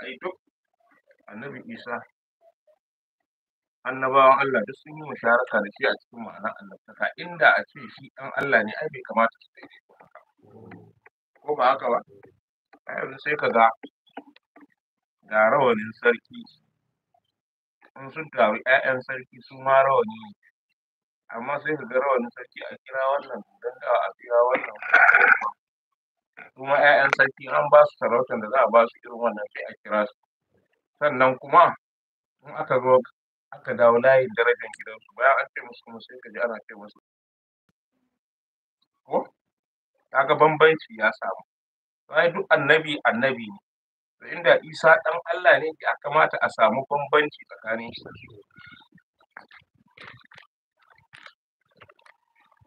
ai duk annabi isa annabawan Allah duk sun yi musharaka da shi a cikin ma'anar annabtaka inda a ce shi ɗan Allah ne ai bai kamata su daidaita ko ba haka ba a yanzu sai ka ga ga rawanin sarki in sun taru ƴaƴan sarki su ma rawani ne amma sai ka ga rawanin sarki a kira wannan don da a biya wannan kuma ƴaƴan sarki an ba su sarautar da za a ba su irin wannan sai a kira su sannan kuma in aka zo aka dawo layin darajar gidansu bayan an ce musu kuma sai ka ji ana ce musu ko kaga bambanci ya samu ai duk annabi annabi ne to inda isa ɗan allah ne ya kamata a samu bambanci tsakanin shi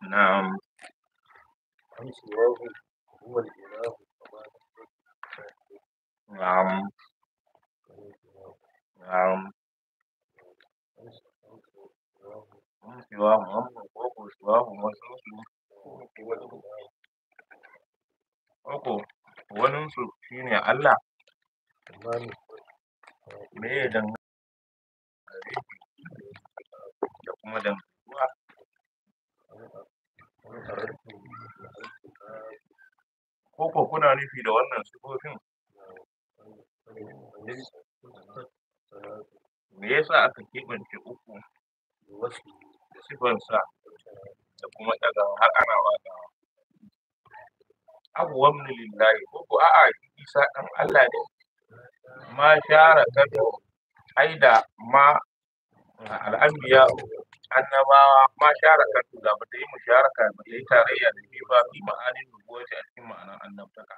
na'am um, um, mun siwa mu an mu su ko shine Allah me ya da kuma dangantuwa kuna nufi da wannan sifofin Me yasa aka keɓance uku da sifarsa da kuma ɗaga har ana waƙawa? Abuwam lillahi ko ko a'a Isa ɗan Allah ne? Ma share kano aida ma al'anbiya annabawa ma shara kano da ba yi musharaka ba ta yi tarayya da shi ba fi ma'anin nubuwati a cikin ma'anar annabtaka.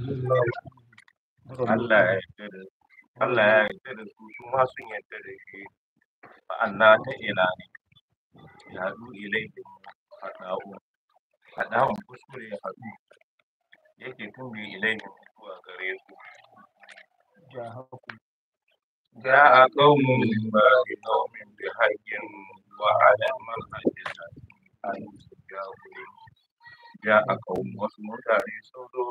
Allah ya yarda da Allah ya yarda da su su ma sun yarda da shi fa anna ta ne ya hadu ilaihim fada'u fada'u kuskure ya hadu yake tumbi ilaihim zuwa gare su جاء قوم Wa بعد قوم بحق وعلى المنهج أن ne. ja'a qaumun wasu mutane sun zo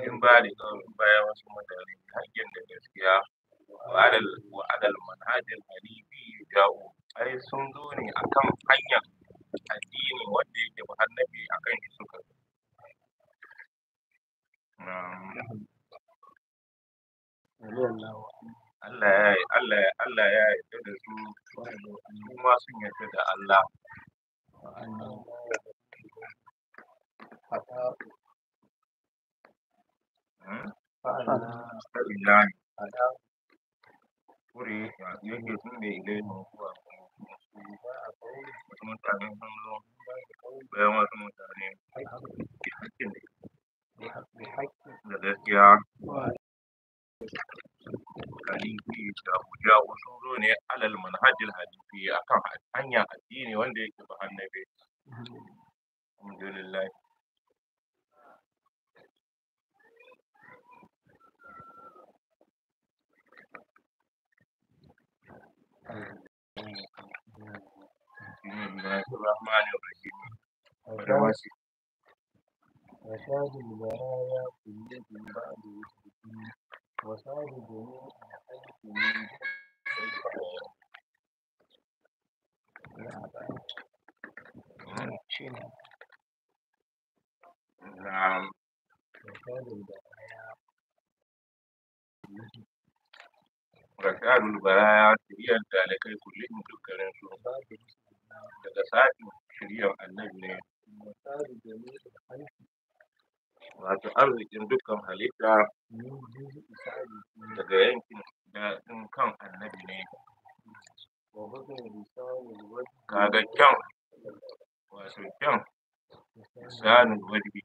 min ba'di qaumin baya wasu mutane ta hanyar da gaskiya wa adal wa biyu manhajil hanifi ai sun zo ne akan hanyar addini wanda yake ba annabi akan shi suka Allah ya Allah ya Allah ya da su kuma sun yarda da Allah إله ألا kure yake tunda ilaihi huwa ba a kawo wasu mutane sun zo mutane da da sun ne alal manhajil halifi akan hanya addini wanda yake ba annabi alhamdulillah rahmani rahim washaji libaraya kuingia jumbani usikiini washaji jamii inafanya kuingia Naam. Rashadul Baraya, Tiriyar Dalikai Kullum dukkanin su. daga sashin shiryar annabi ne wato arzikin dukkan halitta daga yankin daɗin kan annabi ne kaga kyan wato kyan lisanin wajibi